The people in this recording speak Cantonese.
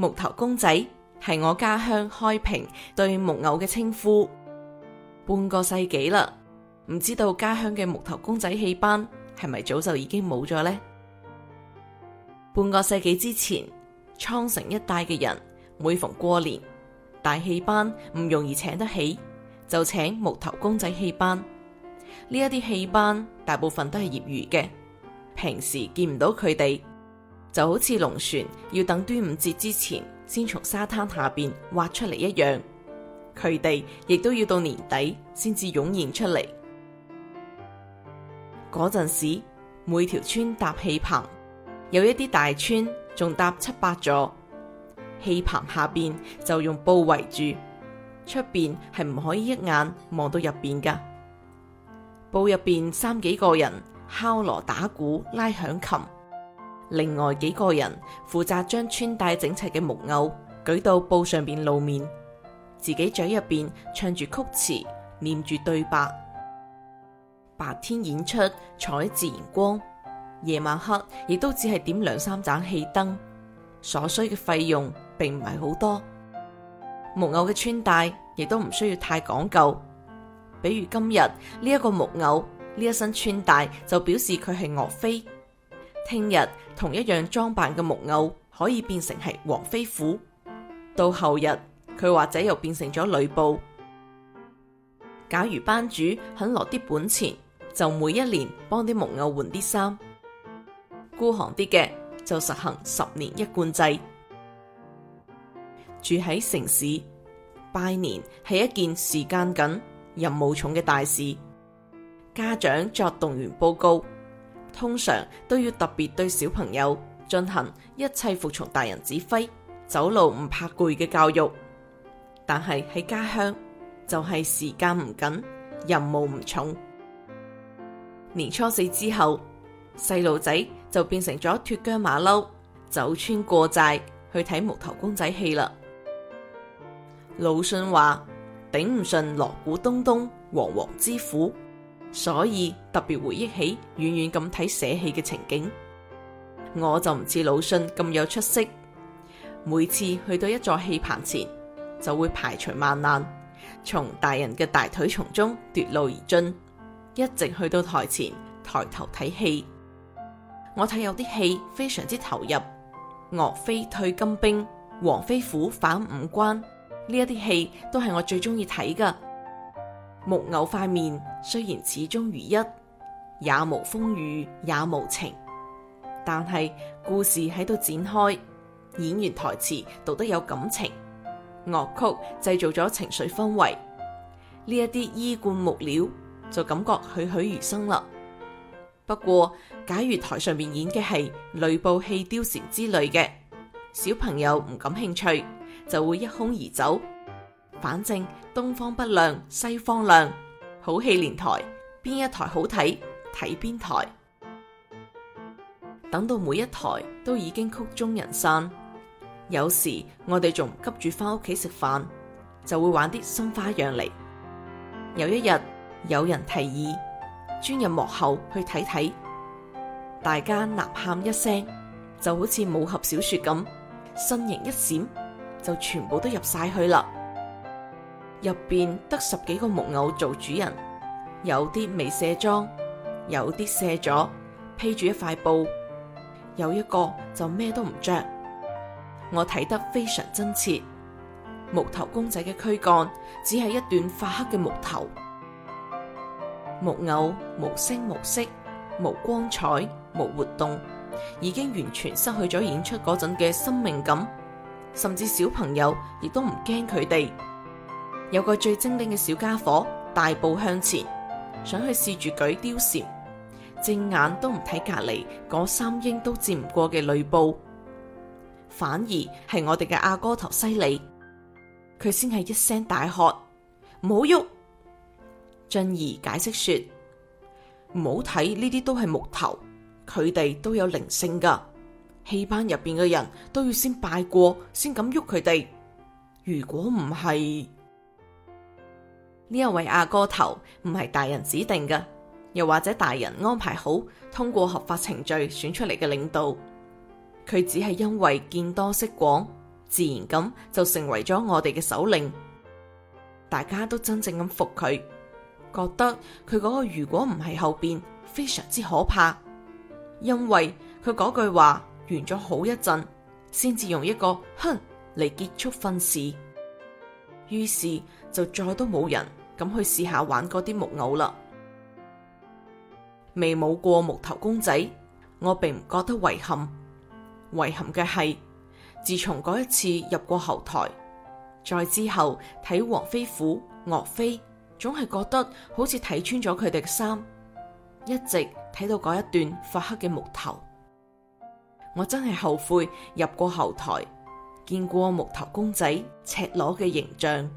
木頭公仔係我家鄉開平對木偶嘅稱呼，半個世紀啦，唔知道家鄉嘅木頭公仔戲班係咪早就已經冇咗呢？半個世紀之前，蒼城一帶嘅人每逢過年，大戲班唔容易請得起，就請木頭公仔戲班。呢一啲戲班大部分都係業餘嘅，平時見唔到佢哋。就好似龍船要等端午節之前先從沙灘下邊挖出嚟一樣，佢哋亦都要到年底先至湧現出嚟。嗰陣時，每條村搭氣棚，有一啲大村仲搭七八座，氣棚下邊就用布圍住，出邊係唔可以一眼望到入邊噶。布入邊三幾個人敲鑼打鼓，拉響琴。另外幾個人負責將穿戴整齊嘅木偶舉到布上邊露面，自己嘴入邊唱住曲詞，念住對白。白天演出採自然光，夜晚黑亦都只係點兩三盞氣燈。所需嘅費用並唔係好多。木偶嘅穿戴亦都唔需要太講究，比如今日呢一個木偶呢一身穿戴就表示佢係岳飛。聽日同一樣裝扮嘅木偶可以變成係黃飛虎，到後日佢或者又變成咗呂布。假如班主肯落啲本錢，就每一年幫啲木偶換啲衫，孤寒啲嘅就實行十年一貫制。住喺城市拜年係一件時間緊、任務重嘅大事，家長作動員報告。通常都要特別對小朋友進行一切服從大人指揮、走路唔怕攰嘅教育，但係喺家鄉就係、是、時間唔緊，任務唔重。年初四之後，細路仔就變成咗脫韁馬騮，走村過寨去睇木頭公仔戲啦。魯迅話：頂唔順鑼鼓咚咚，惶惶之苦。所以特別回憶起遠遠咁睇寫戲嘅情景，我就唔似魯迅咁有出息。每次去到一座戲棚前，就會排除萬難，從大人嘅大腿叢中奪路而進，一直去到台前抬頭睇戲。我睇有啲戲非常之投入，岳飛退金兵、黃飛虎反五關，呢一啲戲都係我最中意睇噶。木偶塊面雖然始終如一，也無風雨也無晴，但係故事喺度展開，演員台詞讀得有感情，樂曲製造咗情緒氛圍，呢一啲衣冠木料就感覺栩栩如生啦。不過假如台上面演嘅係呂布戲貂蟬之類嘅，小朋友唔感興趣，就會一空而走。反正東方不亮西方亮，好戲連台，邊一台好睇睇邊台。等到每一台都已經曲終人散，有時我哋仲急住返屋企食飯，就會玩啲新花樣嚟。有一日，有人提議專入幕後去睇睇，大家吶喊一聲，就好似武俠小說咁，身形一閃，就全部都入晒去啦。入邊得十幾個木偶做主人，有啲未卸妝，有啲卸咗，披住一塊布，有一個就咩都唔着。我睇得非常真切，木頭公仔嘅軀幹只係一段發黑嘅木頭，木偶無聲無色無光彩無活動，已經完全失去咗演出嗰陣嘅生命感，甚至小朋友亦都唔驚佢哋。有個最精靈嘅小家伙大步向前，想去試住舉貂蟬，正眼都唔睇隔籬嗰三英都戰唔過嘅呂布，反而係我哋嘅阿哥頭犀利，佢先係一聲大喝，唔好喐。俊儀解釋說，唔好睇呢啲都係木頭，佢哋都有靈性噶。戲班入邊嘅人都要先拜過先敢喐佢哋，如果唔係。呢一位阿哥頭唔係大人指定嘅，又或者大人安排好，通過合法程序選出嚟嘅領導，佢只係因為見多識廣，自然咁就成為咗我哋嘅首領。大家都真正咁服佢，覺得佢嗰個如果唔係後邊非常之可怕，因為佢嗰句話完咗好一陣，先至用一個哼嚟結束訓示。於是就再都冇人。咁去試下玩嗰啲木偶啦，未冇過木頭公仔，我並唔覺得遺憾。遺憾嘅係，自從嗰一次入過後台，再之後睇黃飛虎、岳飛，總係覺得好似睇穿咗佢哋嘅衫，一直睇到嗰一段發黑嘅木頭，我真係後悔入過後台，見過木頭公仔赤裸嘅形象。